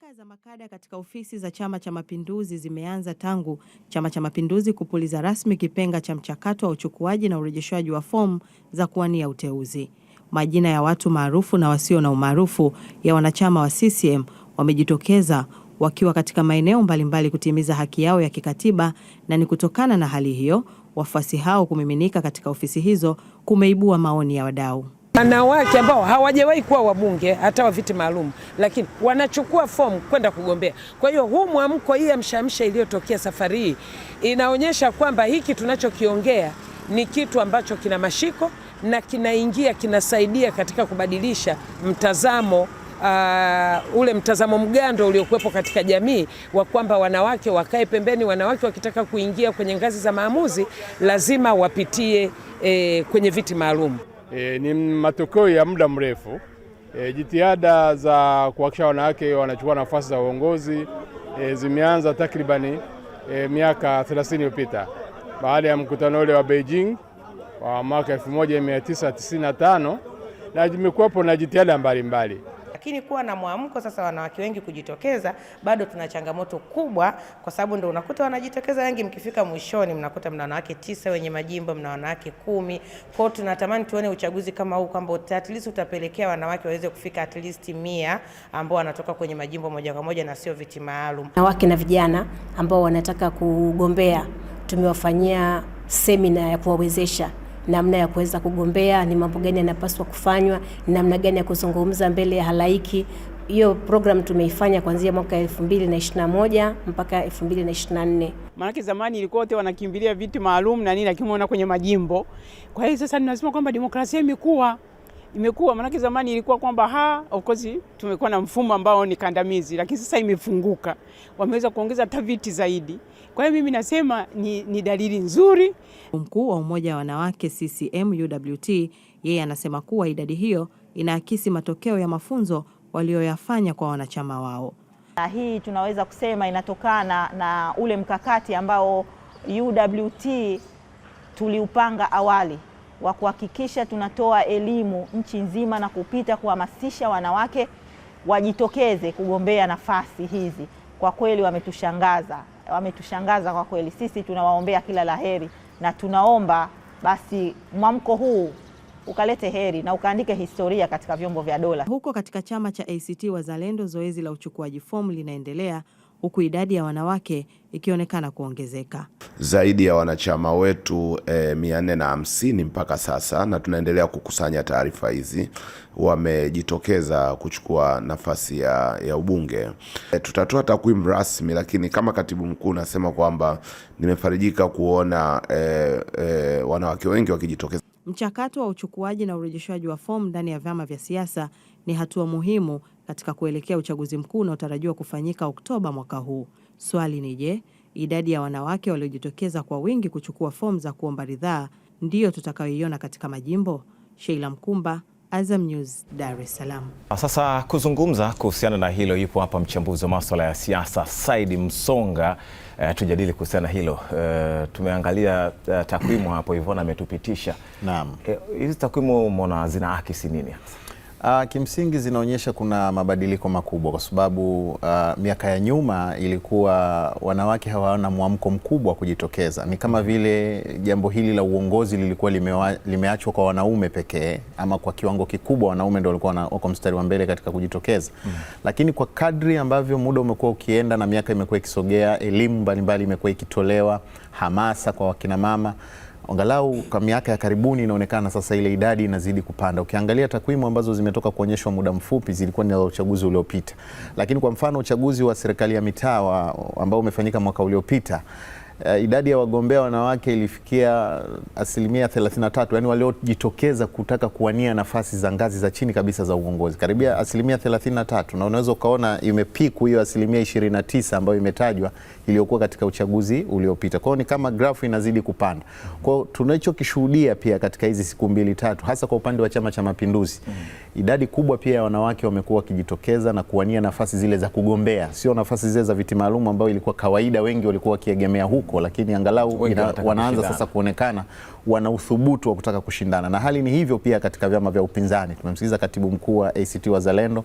Teka za makada katika ofisi za Chama cha Mapinduzi zimeanza tangu Chama cha Mapinduzi kupuliza rasmi kipenga cha mchakato wa uchukuaji na urejeshwaji wa fomu za kuwania uteuzi. Majina ya watu maarufu na wasio na umaarufu ya wanachama wa CCM wamejitokeza wakiwa katika maeneo mbalimbali kutimiza haki yao ya kikatiba, na ni kutokana na hali hiyo wafuasi hao kumiminika katika ofisi hizo kumeibua maoni ya wadau wanawake ambao hawajawahi kuwa wabunge hata wa viti maalum, lakini wanachukua fomu kwenda kugombea. Kwa hiyo huu mwamko, hii amshamsha iliyotokea safari hii inaonyesha kwamba hiki tunachokiongea ni kitu ambacho kina mashiko na kinaingia, kinasaidia katika kubadilisha mtazamo Uh, ule mtazamo mgando uliokuwepo katika jamii wa kwamba wanawake wakae pembeni, wanawake wakitaka kuingia kwenye ngazi za maamuzi lazima wapitie eh, kwenye viti maalum. E, ni matokeo ya muda mrefu e, jitihada za kuhakikisha wanawake wanachukua nafasi za uongozi e, zimeanza takribani e, miaka 30 iliyopita baada ya mkutano ule wa Beijing wa mwaka 1995 na zimekuwapo na jitihada mbalimbali lakini kuwa na mwamko sasa, wanawake wengi kujitokeza, bado tuna changamoto kubwa, kwa sababu ndio unakuta wanajitokeza wengi, mkifika mwishoni mnakuta mna wanawake tisa wenye majimbo, mna wanawake kumi. Kwao tunatamani tuone uchaguzi kama huu kwamba at least utapelekea wanawake waweze kufika at least mia ambao wanatoka kwenye majimbo moja kwa moja na sio viti maalum. Wanawake na vijana ambao wanataka kugombea tumewafanyia semina ya kuwawezesha namna ya kuweza kugombea, ni mambo gani yanapaswa kufanywa, ni namna gani ya kuzungumza mbele ya halaiki. Hiyo program tumeifanya kuanzia mwaka 2021 mpaka 2024. Maanake zamani ilikuwa wote wanakimbilia viti maalum na nini, lakini unaona kwenye majimbo. Kwa hiyo sasa ninasema kwamba demokrasia imekuwa imekuwa maanake, zamani ilikuwa kwamba ha, of course tumekuwa na mfumo ambao ni kandamizi, lakini sasa imefunguka, wameweza kuongeza tafiti zaidi. Kwa hiyo mimi nasema ni, ni dalili nzuri. Mkuu wa umoja wa wanawake CCM UWT, yeye anasema kuwa idadi hiyo inaakisi matokeo ya mafunzo walioyafanya kwa wanachama wao. Hii tunaweza kusema inatokana na ule mkakati ambao UWT tuliupanga awali wa kuhakikisha tunatoa elimu nchi nzima na kupita kuhamasisha wanawake wajitokeze kugombea nafasi hizi. Kwa kweli wametushangaza, wametushangaza kwa kweli. Sisi tunawaombea kila la heri na tunaomba basi mwamko huu ukalete heri na ukaandike historia katika vyombo vya dola. Huko katika chama cha ACT Wazalendo, zoezi la uchukuaji fomu linaendelea huku idadi ya wanawake ikionekana kuongezeka. Zaidi ya wanachama wetu e, mia nne na hamsini mpaka sasa, na tunaendelea kukusanya taarifa hizi. Wamejitokeza kuchukua nafasi ya, ya ubunge. E, tutatoa takwimu rasmi, lakini kama katibu mkuu nasema kwamba nimefarijika kuona e, e, wanawake wengi wakijitokeza. Mchakato wa uchukuaji na urejeshwaji wa fomu ndani ya vyama vya siasa ni hatua muhimu katika kuelekea uchaguzi mkuu unaotarajiwa kufanyika Oktoba mwaka huu. Swali ni je, idadi ya wanawake waliojitokeza kwa wingi kuchukua fomu za kuomba ridhaa ndiyo tutakayoiona katika majimbo? Sheila Mkumba, Azam News, Dar es Salaam. Sasa kuzungumza kuhusiana na hilo yupo hapa mchambuzi wa masuala ya siasa Said Msonga. Uh, tujadili kuhusiana hilo uh, tumeangalia uh, takwimu hapo Ivona ametupitisha. Naam. Hizi uh, takwimu mbona zina akisi nini hasa? Uh, kimsingi zinaonyesha kuna mabadiliko makubwa kwa sababu uh, miaka ya nyuma ilikuwa wanawake hawana mwamko mkubwa wa kujitokeza. Ni kama vile jambo hili la uongozi lilikuwa limeachwa kwa wanaume pekee ama kwa kiwango kikubwa wanaume ndio walikuwa wako mstari wa mbele katika kujitokeza. Mm. Lakini kwa kadri ambavyo muda umekuwa ukienda na miaka imekuwa ikisogea, elimu mbalimbali imekuwa ikitolewa, hamasa kwa wakinamama angalau kwa miaka ya karibuni inaonekana sasa ile idadi inazidi kupanda. Ukiangalia takwimu ambazo zimetoka kuonyeshwa muda mfupi zilikuwa ni za uchaguzi uliopita, lakini kwa mfano uchaguzi wa serikali ya mitaa ambao umefanyika mwaka uliopita uh, idadi ya wagombea wanawake ilifikia asilimia 33, yani waliojitokeza kutaka kuwania nafasi za ngazi za chini kabisa za uongozi karibia asilimia 33, na unaweza ukaona imepiku hiyo asilimia 29 ambayo imetajwa iliyokuwa katika uchaguzi uliopita. Kwa hiyo ni kama grafu inazidi kupanda. Kwa hiyo tunachokishuhudia pia katika hizi siku mbili tatu, hasa kwa upande wa Chama cha Mapinduzi, idadi kubwa pia ya wanawake wamekuwa wakijitokeza na kuwania nafasi zile za kugombea, sio nafasi zile za viti maalum ambayo ilikuwa kawaida wengi walikuwa wakiegemea huko mabadiliko, lakini angalau ina, wanaanza sasa kuonekana wana uthubutu wa kutaka kushindana, na hali ni hivyo pia katika vyama vya upinzani. Tumemsikiliza katibu mkuu wa ACT Wazalendo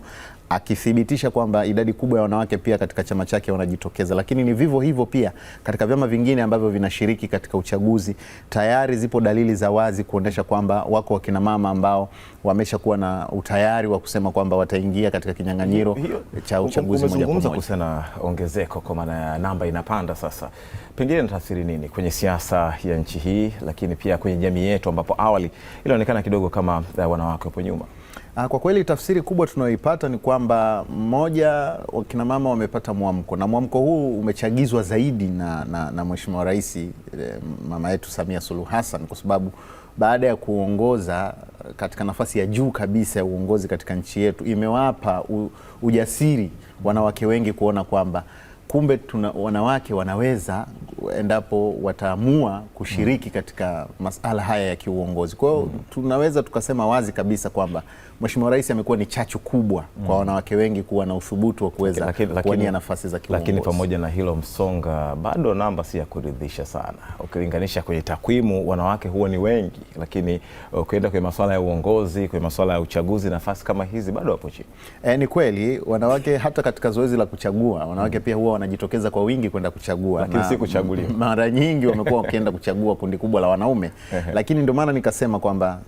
akithibitisha kwamba idadi kubwa ya wanawake pia katika chama chake wanajitokeza, lakini ni vivyo hivyo pia katika vyama vingine ambavyo vinashiriki katika uchaguzi. Tayari zipo dalili za wazi kuonyesha kwamba wako wakina mama ambao wameshakuwa na utayari wa kusema kwamba wataingia katika kinyang'anyiro cha uchaguzi moja kwa moja. Kuhusiana na ongezeko kwa maana ya namba inapanda sasa, pengine hili linataathiri nini kwenye siasa ya nchi hii, lakini pia kwenye jamii yetu ambapo awali ilionekana kidogo kama eh, wanawake wapo nyuma? Ah, kwa kweli tafsiri kubwa tunayoipata ni kwamba mmoja, wakinamama wamepata mwamko na mwamko huu umechagizwa zaidi na, na, na Mheshimiwa Rais eh, mama yetu Samia Suluhu Hassan kwa sababu baada ya kuongoza katika nafasi ya juu kabisa ya uongozi katika nchi yetu imewapa u, ujasiri wanawake wengi kuona kwamba kumbe tuna, wanawake wanaweza endapo wataamua kushiriki mm. katika masala haya ya kiuongozi. Kwa hiyo mm. tunaweza tukasema wazi kabisa kwamba Mheshimiwa Rais amekuwa ni chachu kubwa mm. kwa wanawake wengi kuwa na uthubutu wa kuweza kuwania nafasi za kiuongozi. Lakini pamoja na hilo, Msonga, bado namba si ya kuridhisha sana ukilinganisha kwenye takwimu, wanawake huwa ni wengi, lakini ukienda kwenye masuala ya uongozi, kwenye masuala ya uchaguzi, nafasi kama hizi bado hapo chini. E, ni kweli wanawake hata katika zoezi la kuchagua wanawake mm. pia huwa wanajitokeza kwa wingi kwenda kuchagua, lakini si kuchagua kuchaguliwa. Mara nyingi wamekuwa wakienda kuchagua kundi kubwa la wanaume lakini ndio maana nikasema kwamba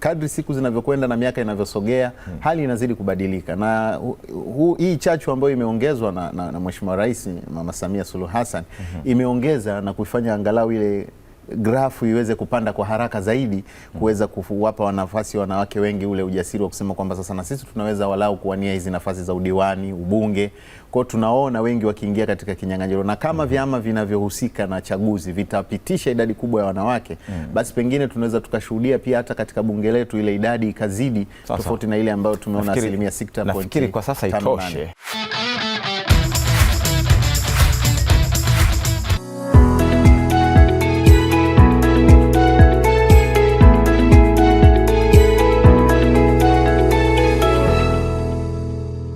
kadri siku zinavyokwenda na miaka inavyosogea hmm. hali inazidi kubadilika na hu, hu, hii chachu ambayo imeongezwa na, na, na Mheshimiwa Rais Mama Samia Suluhu Hassan imeongeza na kuifanya angalau ile grafu iweze kupanda kwa haraka zaidi kuweza kuwapa nafasi wanawake wengi ule ujasiri wa kusema kwamba sasa na sisi tunaweza walau kuwania hizi nafasi za udiwani, ubunge. Kwao tunaona wengi wakiingia katika kinyang'anyiro, na kama mm-hmm. vyama vinavyohusika na chaguzi vitapitisha idadi kubwa ya wanawake mm, basi pengine tunaweza tukashuhudia pia hata katika bunge letu ile idadi ikazidi tofauti na ile ambayo tumeona asilimia 6 kwa sasa itoshe.